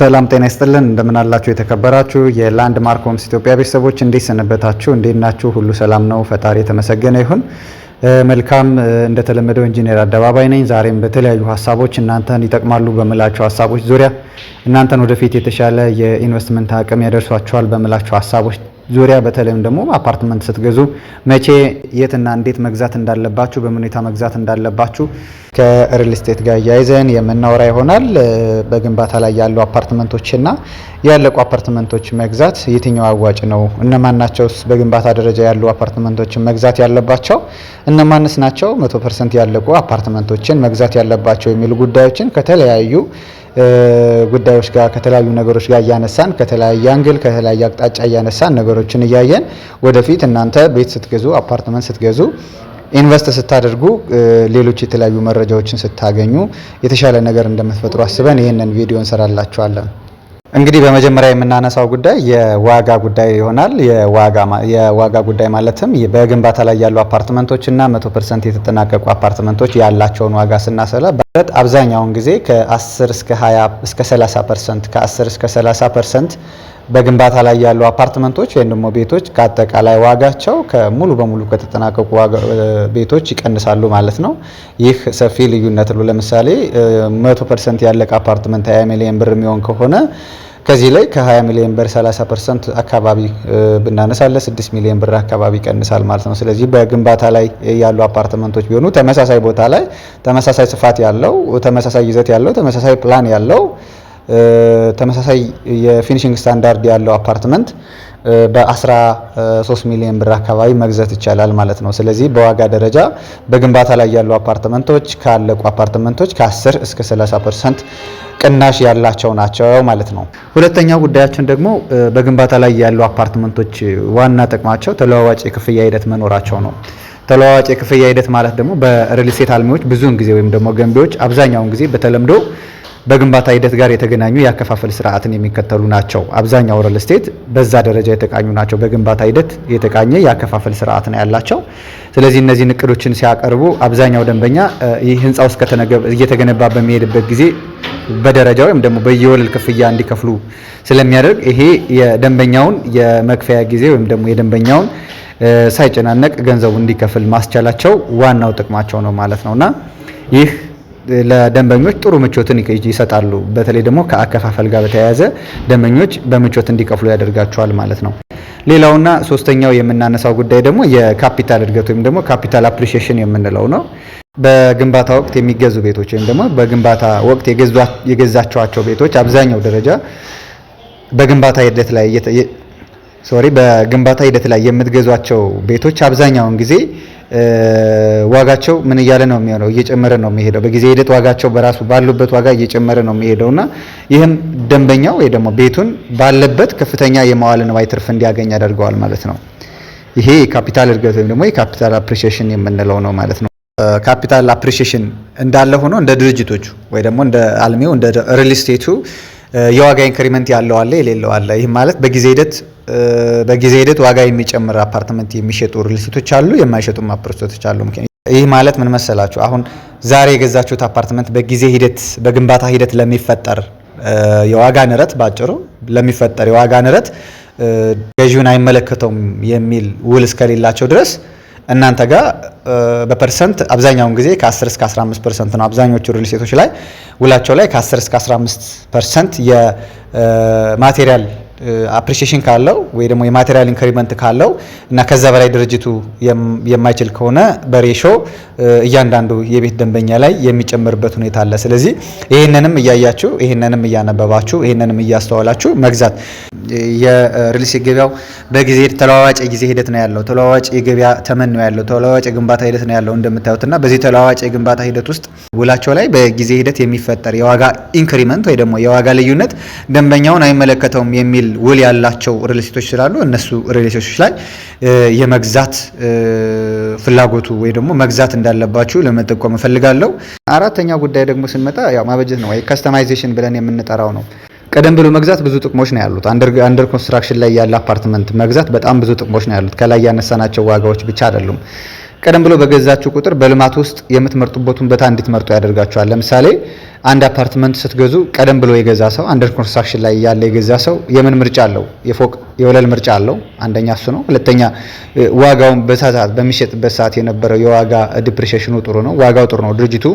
ሰላም ጤና ይስጥልን። እንደምን አላችሁ? የተከበራችሁ የላንድ ማርክ ሆምስ ኢትዮጵያ ቤተሰቦች እንዴት ሰነበታችሁ? እንዴት ናችሁ? ሁሉ ሰላም ነው? ፈጣሪ የተመሰገነ ይሁን። መልካም እንደተለመደው ኢንጂነር አደባባይ ነኝ። ዛሬም በተለያዩ ሀሳቦች እናንተን ይጠቅማሉ በምላቸው ሀሳቦች ዙሪያ እናንተን ወደፊት የተሻለ የኢንቨስትመንት አቅም ያደርሷችኋል በምላቸው ሀሳቦች ዙሪያ በተለይም ደግሞ አፓርትመንት ስትገዙ መቼ የትና እንዴት መግዛት እንዳለባችሁ በምን ሁኔታ መግዛት እንዳለባችሁ ከሪል ስቴት ጋር እያይዘን የምናወራ ይሆናል። በግንባታ ላይ ያሉ አፓርትመንቶችና ያለቁ አፓርትመንቶች መግዛት የትኛው አዋጭ ነው? እነማን ናቸውስ በግንባታ ደረጃ ያሉ አፓርትመንቶችን መግዛት ያለባቸው? እነማንስ ናቸው መቶ ፐርሰንት ያለቁ አፓርትመንቶችን መግዛት ያለባቸው የሚሉ ጉዳዮችን ከተለያዩ ጉዳዮች ጋር ከተለያዩ ነገሮች ጋር እያነሳን ከተለያየ አንግል ከተለያየ አቅጣጫ እያነሳን ነገሮችን እያየን ወደፊት እናንተ ቤት ስትገዙ አፓርትመንት ስትገዙ ኢንቨስት ስታደርጉ ሌሎች የተለያዩ መረጃዎችን ስታገኙ የተሻለ ነገር እንደምትፈጥሩ አስበን ይህንን ቪዲዮ እንሰራላችኋለን። እንግዲህ በመጀመሪያ የምናነሳው ጉዳይ የዋጋ ጉዳይ ይሆናል። የዋጋ ጉዳይ ማለትም በግንባታ ላይ ያሉ አፓርትመንቶች እና መቶ ፐርሰንት የተጠናቀቁ አፓርትመንቶች ያላቸውን ዋጋ ስናሰላ በት አብዛኛውን ጊዜ ከ10 እስከ 20 እስከ 30 ፐርሰንት ከ10 እስከ 30 ፐርሰንት በግንባታ ላይ ያሉ አፓርትመንቶች ወይም ደግሞ ቤቶች ከአጠቃላይ ዋጋቸው ከሙሉ በሙሉ ከተጠናቀቁ ቤቶች ይቀንሳሉ ማለት ነው። ይህ ሰፊ ልዩነት ነው። ለምሳሌ 100 ፐርሰንት ያለቀ አፓርትመንት 20 ሚሊዮን ብር የሚሆን ከሆነ ከዚህ ላይ ከ20 ሚሊዮን ብር 30 ፐርሰንት አካባቢ ብናነሳለ 6 ሚሊዮን ብር አካባቢ ይቀንሳል ማለት ነው። ስለዚህ በግንባታ ላይ ያሉ አፓርትመንቶች ቢሆኑ ተመሳሳይ ቦታ ላይ ተመሳሳይ ስፋት ያለው ተመሳሳይ ይዘት ያለው ተመሳሳይ ፕላን ያለው ተመሳሳይ የፊኒሽንግ ስታንዳርድ ያለው አፓርትመንት በ13 ሚሊዮን ብር አካባቢ መግዛት ይቻላል ማለት ነው። ስለዚህ በዋጋ ደረጃ በግንባታ ላይ ያሉ አፓርትመንቶች ካለቁ አፓርትመንቶች ከ10 እስከ 30 ፐርሰንት ቅናሽ ያላቸው ናቸው ማለት ነው። ሁለተኛው ጉዳያችን ደግሞ በግንባታ ላይ ያሉ አፓርትመንቶች ዋና ጥቅማቸው ተለዋዋጭ የክፍያ ሂደት መኖራቸው ነው። ተለዋዋጭ የክፍያ ሂደት ማለት ደግሞ በሪልስቴት አልሚዎች ብዙውን ጊዜ ወይም ደግሞ ገንቢዎች አብዛኛውን ጊዜ በተለምዶ በግንባታ ሂደት ጋር የተገናኙ የአከፋፈል ስርዓትን የሚከተሉ ናቸው። አብዛኛው ሪል ስቴት በዛ ደረጃ የተቃኙ ናቸው። በግንባታ ሂደት የተቃኘ የአከፋፈል ስርዓት ነው ያላቸው። ስለዚህ እነዚህን እቅዶችን ሲያቀርቡ አብዛኛው ደንበኛ ይህ ውስጥ እየተገነባ በሚሄድበት ጊዜ በደረጃ ወይም ደግሞ በየወለል ክፍያ እንዲከፍሉ ስለሚያደርግ ይሄ የደንበኛውን የመክፈያ ጊዜ ወይም ደግሞ የደንበኛውን ሳይጨናነቅ ገንዘቡ እንዲከፍል ማስቻላቸው ዋናው ጥቅማቸው ነው ማለት ነውና ይህ ለደንበኞች ጥሩ ምቾትን ይሰጣሉ። በተለይ ደግሞ ከአከፋፈል ጋር በተያያዘ ደንበኞች በምቾት እንዲከፍሉ ያደርጋቸዋል ማለት ነው። ሌላውና ሶስተኛው የምናነሳው ጉዳይ ደግሞ የካፒታል እድገት ወይም ደግሞ ካፒታል አፕሪሺየሽን የምንለው ነው። በግንባታ ወቅት የሚገዙ ቤቶች ወይም ደግሞ በግንባታ ወቅት የገዛቸዋቸው ቤቶች አብዛኛው ደረጃ በግንባታ ሂደት ላይ ሶሪ በግንባታ ሂደት ላይ የምትገዟቸው ቤቶች አብዛኛውን ጊዜ ዋጋቸው ምን እያለ ነው የሚሆነው? እየጨመረ ነው የሚሄደው። በጊዜ ሂደት ዋጋቸው በራሱ ባሉበት ዋጋ እየጨመረ ነው የሚሄደው እና ይህም ደንበኛው ወይ ደግሞ ቤቱን ባለበት ከፍተኛ የመዋለ ንዋይ ትርፍ እንዲያገኝ ያደርገዋል ማለት ነው። ይሄ የካፒታል እድገት ወይም ደግሞ የካፒታል አፕሪሺሽን የምንለው ነው ማለት ነው። ካፒታል አፕሪሺሽን እንዳለ ሆኖ እንደ ድርጅቶቹ ወይ ደግሞ እንደ አልሚው እንደ ሪል ስቴቱ የዋጋ ኢንክሪመንት ያለው አለ የሌለው አለ። ይህ ማለት በጊዜ ሂደት በጊዜ ሂደት ዋጋ የሚጨምር አፓርትመንት የሚሸጡ ሪልስቶች አሉ፣ የማይሸጡ አፓርትመንቶች አሉ። ይህ ማለት ምን መሰላችሁ? አሁን ዛሬ የገዛችሁት አፓርትመንት በጊዜ ሂደት በግንባታ ሂደት ለሚፈጠር የዋጋ ንረት ባጭሩ ለሚፈጠር የዋጋ ንረት ገዢውን አይመለከተውም የሚል ውል እስከሌላቸው ድረስ እናንተ ጋር በፐርሰንት አብዛኛውን ጊዜ ከ10 እስከ 15 ፐርሰንት ነው። አብዛኞቹ ሪል ሴቶች ላይ ውላቸው ላይ ከ10 እስከ 15 ፐርሰንት የማቴሪያል አፕሪሺሽን ካለው ወይ ደግሞ የማቴሪያል ኢንክሪመንት ካለው እና ከዛ በላይ ድርጅቱ የማይችል ከሆነ በሬሾ እያንዳንዱ የቤት ደንበኛ ላይ የሚጨምርበት ሁኔታ አለ። ስለዚህ ይህንንም እያያችሁ ይህንንም እያነበባችሁ ይህንንም እያስተዋላችሁ መግዛት። የሪልስ ገበያው በጊዜ ተለዋዋጭ ጊዜ ሂደት ነው ያለው። ተለዋዋጭ የገበያ ተመን ነው ያለው። ተለዋዋጭ የግንባታ ሂደት ነው ያለው እንደምታዩት እና በዚህ ተለዋዋጭ የግንባታ ሂደት ውስጥ ውላቸው ላይ በጊዜ ሂደት የሚፈጠር የዋጋ ኢንክሪመንት ወይ ደግሞ የዋጋ ልዩነት ደንበኛውን አይመለከተውም የሚል ውል ያላቸው ሪልስቴቶች ስላሉ እነሱ ሪልስቴቶች ላይ የመግዛት ፍላጎቱ ወይ ደግሞ መግዛት እንዳለባችሁ ለመጠቆም እፈልጋለሁ። አራተኛ ጉዳይ ደግሞ ስንመጣ ያው ማበጀት ነው ወይ ከስተማይዜሽን ብለን የምንጠራው ነው። ቀደም ብሎ መግዛት ብዙ ጥቅሞች ነው ያሉት። አንደር ኮንስትራክሽን ላይ ያለ አፓርትመንት መግዛት በጣም ብዙ ጥቅሞች ነው ያሉት። ከላይ ያነሳናቸው ዋጋዎች ብቻ አይደሉም። ቀደም ብሎ በገዛችሁ ቁጥር በልማት ውስጥ የምትመርጡበትን ቦታ እንድትመርጡ ያደርጋችኋል። ለምሳሌ አንድ አፓርትመንት ስትገዙ ቀደም ብሎ የገዛ ሰው አንደር ኮንስትራክሽን ላይ ያለ የገዛ ሰው የምን ምርጫ አለው? የፎቅ የወለል ምርጫ አለው። አንደኛ እሱ ነው። ሁለተኛ ዋጋውን በሳሳት በሚሸጥበት ሰዓት የነበረው የዋጋ ዲፕሪሽኑ ጥሩ ነው። ዋጋው ጥሩ ነው። ድርጅቱ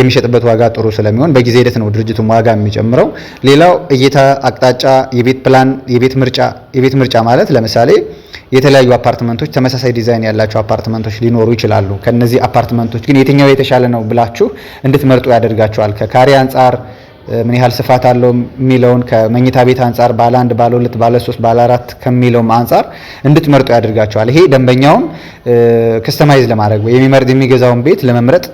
የሚሸጥበት ዋጋ ጥሩ ስለሚሆን በጊዜ ሂደት ነው ድርጅቱ ዋጋ የሚጨምረው። ሌላው እይታ፣ አቅጣጫ፣ የቤት ፕላን፣ የቤት ምርጫ የቤት ምርጫ ማለት ለምሳሌ የተለያዩ አፓርትመንቶች ተመሳሳይ ዲዛይን ያላቸው አፓርትመንቶች ሊኖሩ ይችላሉ። ከነዚህ አፓርትመንቶች ግን የትኛው የተሻለ ነው ብላችሁ እንድትመርጡ ያደርጋቸዋል። ከካሬ አንጻር ምን ያህል ስፋት አለው የሚለውን ከመኝታ ቤት አንጻር ባለ አንድ፣ ባለ ሁለት፣ ባለ ሶስት፣ ባለ አራት ከሚለውም አንጻር እንድትመርጡ ያደርጋቸዋል። ይሄ ደንበኛውን ከስተማይዝ ለማድረግ ወይ የሚመርጥ የሚገዛውን ቤት ለመምረጥ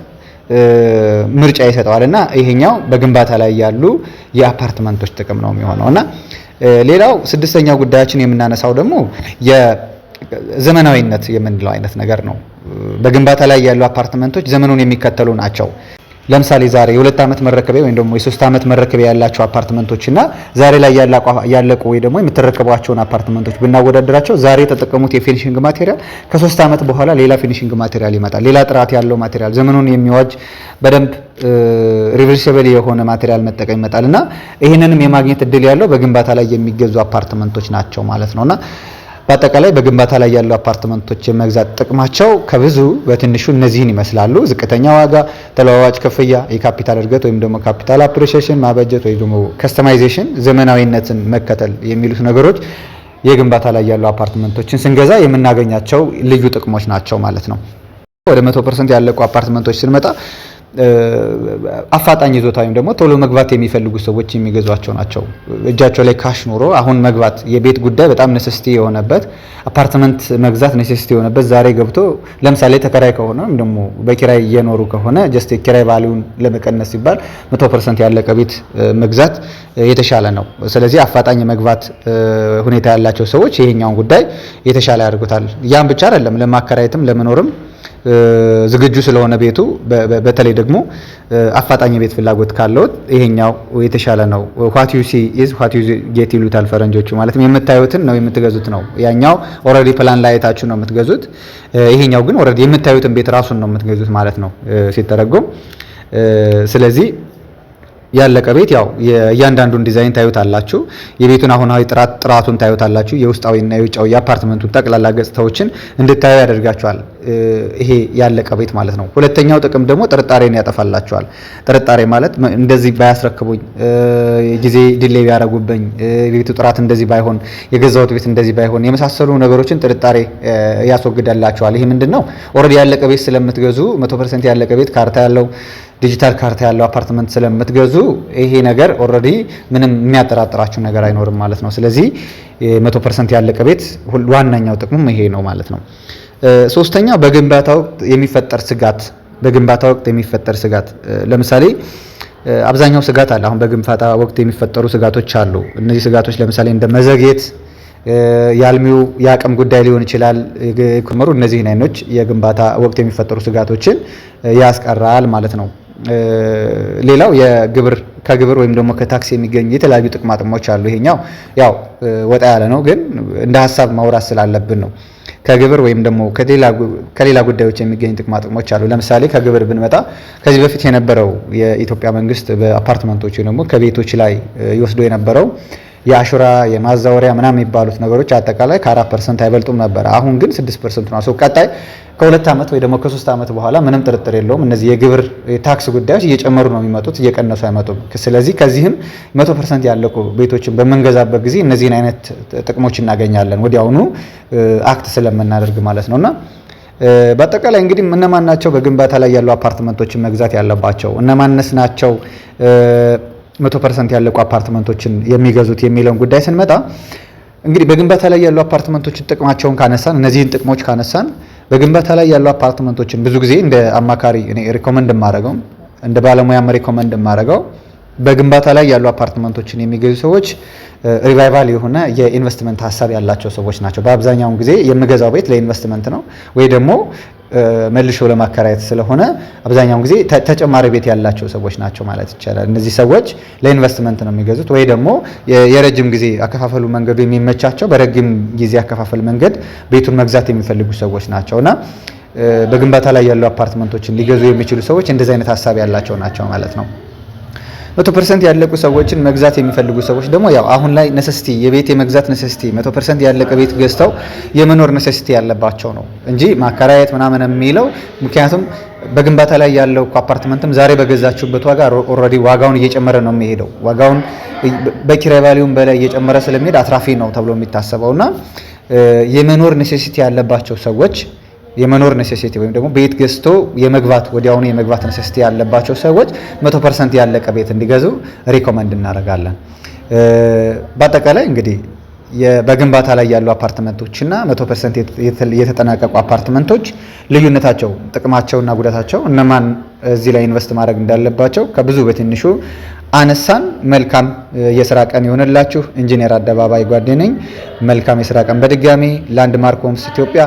ምርጫ ይሰጠዋል እና ይሄኛው በግንባታ ላይ ያሉ የአፓርትመንቶች ጥቅም ነው የሚሆነው እና ሌላው ስድስተኛው ጉዳያችን የምናነሳው ደግሞ የዘመናዊነት የምንለው አይነት ነገር ነው። በግንባታ ላይ ያሉ አፓርትመንቶች ዘመኑን የሚከተሉ ናቸው። ለምሳሌ ዛሬ የሁለት ዓመት መረከቢያ ወይም ደግሞ የሶስት ዓመት መረከቢያ ያላቸው አፓርትመንቶች እና ዛሬ ላይ ያለቁ ወይ ደግሞ የምትረከቧቸውን አፓርትመንቶች ብናወዳደራቸው ዛሬ የተጠቀሙት የፊኒሽንግ ማቴሪያል ከሶስት ዓመት በኋላ ሌላ ፊኒሽንግ ማቴሪያል ይመጣል። ሌላ ጥራት ያለው ማቴሪያል ዘመኑን የሚዋጅ በደንብ ሪቨርሲብል የሆነ ማቴሪያል መጠቀም ይመጣል እና ይህንንም የማግኘት እድል ያለው በግንባታ ላይ የሚገዙ አፓርትመንቶች ናቸው ማለት ነውና በአጠቃላይ በግንባታ ላይ ያሉ አፓርትመንቶች የመግዛት ጥቅማቸው ከብዙ በትንሹ እነዚህን ይመስላሉ። ዝቅተኛ ዋጋ፣ ተለዋዋጭ ክፍያ፣ የካፒታል እድገት ወይም ደግሞ ካፒታል አፕሬሽን ማበጀት ወይም ደግሞ ከስተማይዜሽን፣ ዘመናዊነትን መከተል የሚሉት ነገሮች የግንባታ ላይ ያሉ አፓርትመንቶችን ስንገዛ የምናገኛቸው ልዩ ጥቅሞች ናቸው ማለት ነው። ወደ መቶ ፐርሰንት ያለቁ አፓርትመንቶች ስንመጣ አፋጣኝ ይዞታ ወይም ደግሞ ቶሎ መግባት የሚፈልጉ ሰዎች የሚገዟቸው ናቸው። እጃቸው ላይ ካሽ ኖሮ አሁን መግባት የቤት ጉዳይ በጣም ነሰስቲ የሆነበት አፓርትመንት መግዛት ነሰስቲ የሆነበት ዛሬ ገብቶ ለምሳሌ ተከራይ ከሆነ ወይም ደግሞ በኪራይ እየኖሩ ከሆነ ጀስት የኪራይ ቫሊዩን ለመቀነስ ሲባል መቶ ፐርሰንት ያለቀ ቤት መግዛት የተሻለ ነው። ስለዚህ አፋጣኝ መግባት ሁኔታ ያላቸው ሰዎች ይሄኛውን ጉዳይ የተሻለ ያደርጉታል። ያም ብቻ አይደለም ለማከራየትም ለመኖርም ዝግጁ ስለሆነ ቤቱ በተለይ ደግሞ አፋጣኝ ቤት ፍላጎት ካለው ይሄኛው የተሻለ ነው። ዋት ዩ ሲ ኢዝ ዋት ዩ ጌት ይሉታል ፈረንጆቹ። ማለትም የምታዩትን ነው የምትገዙት ነው። ያኛው ኦልሬዲ ፕላን ላይ አይታችሁ ነው የምትገዙት። ይሄኛው ግን ኦልሬዲ የምታዩትን ቤት ራሱን ነው የምትገዙት ማለት ነው ሲተረጎም። ስለዚህ ያለቀ ቤት ያው እያንዳንዱን ዲዛይን ታዩታላችሁ። የቤቱን አሁናዊ ጥራት ጥራቱን ታዩታላችሁ። የውስጣዊና የውጫዊ የአፓርትመንቱን ጠቅላላ ገጽታዎችን እንድታዩ ያደርጋችኋል። ይሄ ያለቀ ቤት ማለት ነው። ሁለተኛው ጥቅም ደግሞ ጥርጣሬን ያጠፋላችኋል። ጥርጣሬ ማለት እንደዚህ ባያስረክቡኝ፣ ጊዜ ዲሌ ቢያደርጉብኝ፣ የቤቱ ጥራት እንደዚህ ባይሆን፣ የገዛሁት ቤት እንደዚህ ባይሆን የመሳሰሉ ነገሮችን ጥርጣሬ ያስወግዳላችኋል። ይሄ ምንድን ነው ኦልሬዲ ያለቀ ቤት ስለምትገዙ መቶ ፐርሰንት ያለቀ ቤት ካርታ ያለው ዲጂታል ካርታ ያለው አፓርትመንት ስለምትገዙ ይሄ ነገር ኦልሬዲ ምንም የሚያጠራጥራችሁ ነገር አይኖርም ማለት ነው። ስለዚህ መቶ ፐርሰንት ያለቀ ቤት ዋነኛው ጥቅሙም ይሄ ነው ማለት ነው። ሶስተኛው በግንባታ ወቅት የሚፈጠር ስጋት በግንባታ ወቅት የሚፈጠር ስጋት ለምሳሌ አብዛኛው ስጋት አለ። አሁን በግንባታ ወቅት የሚፈጠሩ ስጋቶች አሉ። እነዚህ ስጋቶች ለምሳሌ እንደ መዘግየት፣ የአልሚው የአቅም ጉዳይ ሊሆን ይችላል። የክመሩ እነዚህን አይኖች የግንባታ ወቅት የሚፈጠሩ ስጋቶችን ያስቀራል ማለት ነው። ሌላው የግብር ከግብር ወይም ደግሞ ከታክስ የሚገኙ የተለያዩ ጥቅማ ጥቅሞች አሉ። ይሄኛው ያው ወጣ ያለ ነው፣ ግን እንደ ሀሳብ ማውራት ስላለብን ነው። ከግብር ወይም ደግሞ ከሌላ ጉዳዮች የሚገኙ ጥቅማ ጥቅሞች አሉ። ለምሳሌ ከግብር ብንመጣ ከዚህ በፊት የነበረው የኢትዮጵያ መንግስት በአፓርትመንቶች ደግሞ ከቤቶች ላይ ይወስዶ የነበረው የአሹራ የማዛወሪያ ምናምን የሚባሉት ነገሮች አጠቃላይ ከአራት ፐርሰንት አይበልጡም ነበር። አሁን ግን ስድስት ፐርሰንት ነው። ቀጣይ ከሁለት ዓመት ወይ ደግሞ ከሶስት ዓመት በኋላ ምንም ጥርጥር የለውም እነዚህ የግብር ታክስ ጉዳዮች እየጨመሩ ነው የሚመጡት፣ እየቀነሱ አይመጡም። ስለዚህ ከዚህም መቶ ፐርሰንት ያለቁ ቤቶችን በምንገዛበት ጊዜ እነዚህን አይነት ጥቅሞች እናገኛለን ወዲያውኑ አክት ስለምናደርግ ማለት ነውና በአጠቃላይ እንግዲህ እነማን ናቸው በግንባታ ላይ ያሉ አፓርትመንቶችን መግዛት ያለባቸው? እነማንስ ናቸው መቶ ፐርሰንት ያለቁ አፓርትመንቶችን የሚገዙት የሚለውን ጉዳይ ስንመጣ እንግዲህ በግንባታ ላይ ያሉ አፓርትመንቶችን ጥቅማቸውን ካነሳን እነዚህን ጥቅሞች ካነሳን በግንባታ ላይ ያሉ አፓርትመንቶችን ብዙ ጊዜ እንደ አማካሪ እኔ ሪኮመንድ የማደርገው እንደ ባለሙያም ሪኮመንድ የማደርገው በግንባታ ላይ ያሉ አፓርትመንቶችን የሚገዙ ሰዎች ሪቫይቫል የሆነ የኢንቨስትመንት ሀሳብ ያላቸው ሰዎች ናቸው። በአብዛኛውን ጊዜ የምገዛው ቤት ለኢንቨስትመንት ነው ወይ ደግሞ መልሾ ለማከራየት ስለሆነ አብዛኛውን ጊዜ ተጨማሪ ቤት ያላቸው ሰዎች ናቸው ማለት ይቻላል። እነዚህ ሰዎች ለኢንቨስትመንት ነው የሚገዙት ወይ ደግሞ የረጅም ጊዜ አከፋፈሉ መንገዱ የሚመቻቸው በረጅም ጊዜ አከፋፈል መንገድ ቤቱን መግዛት የሚፈልጉ ሰዎች ናቸው እና በግንባታ ላይ ያሉ አፓርትመንቶችን ሊገዙ የሚችሉ ሰዎች እንደዚህ አይነት ሀሳብ ያላቸው ናቸው ማለት ነው። መቶ ፐርሰንት ያለቁ ሰዎችን መግዛት የሚፈልጉ ሰዎች ደግሞ ያው አሁን ላይ ነሰስቲ የቤት የመግዛት ነሰስቲ መቶ ፐርሰንት ያለቀ ቤት ገዝተው የመኖር ነሰስቲ ያለባቸው ነው እንጂ ማከራየት ምናምን የሚለው ምክንያቱም በግንባታ ላይ ያለው እኮ አፓርትመንትም ዛሬ በገዛችሁበት ዋጋ ኦልሬዲ ዋጋውን እየጨመረ ነው የሚሄደው። ዋጋውን በኪራይ ቫሊዩም በላይ እየጨመረ ስለሚሄድ አትራፊ ነው ተብሎ የሚታሰበው እና የመኖር ኔሴሲቲ ያለባቸው ሰዎች የመኖር ኔሴሲቲ ወይም ደግሞ ቤት ገዝቶ የመግባት ወዲያውኑ የመግባት ኔሴሲቲ ያለባቸው ሰዎች መቶ ፐርሰንት ያለቀ ቤት እንዲገዙ ሪኮመንድ እናደርጋለን። በአጠቃላይ እንግዲህ በግንባታ ላይ ያሉ አፓርትመንቶችና መቶ ፐርሰንት የተጠናቀቁ አፓርትመንቶች ልዩነታቸው፣ ጥቅማቸውና ጉዳታቸው እነማን እዚህ ላይ ኢንቨስት ማድረግ እንዳለባቸው ከብዙ በትንሹ አነሳን። መልካም የስራ ቀን ይሆንላችሁ። ኢንጂነር አደባባይ ጓዴ መልካም የስራ ቀን በድጋሚ ላንድማርክ ሆምስ ኢትዮጵያ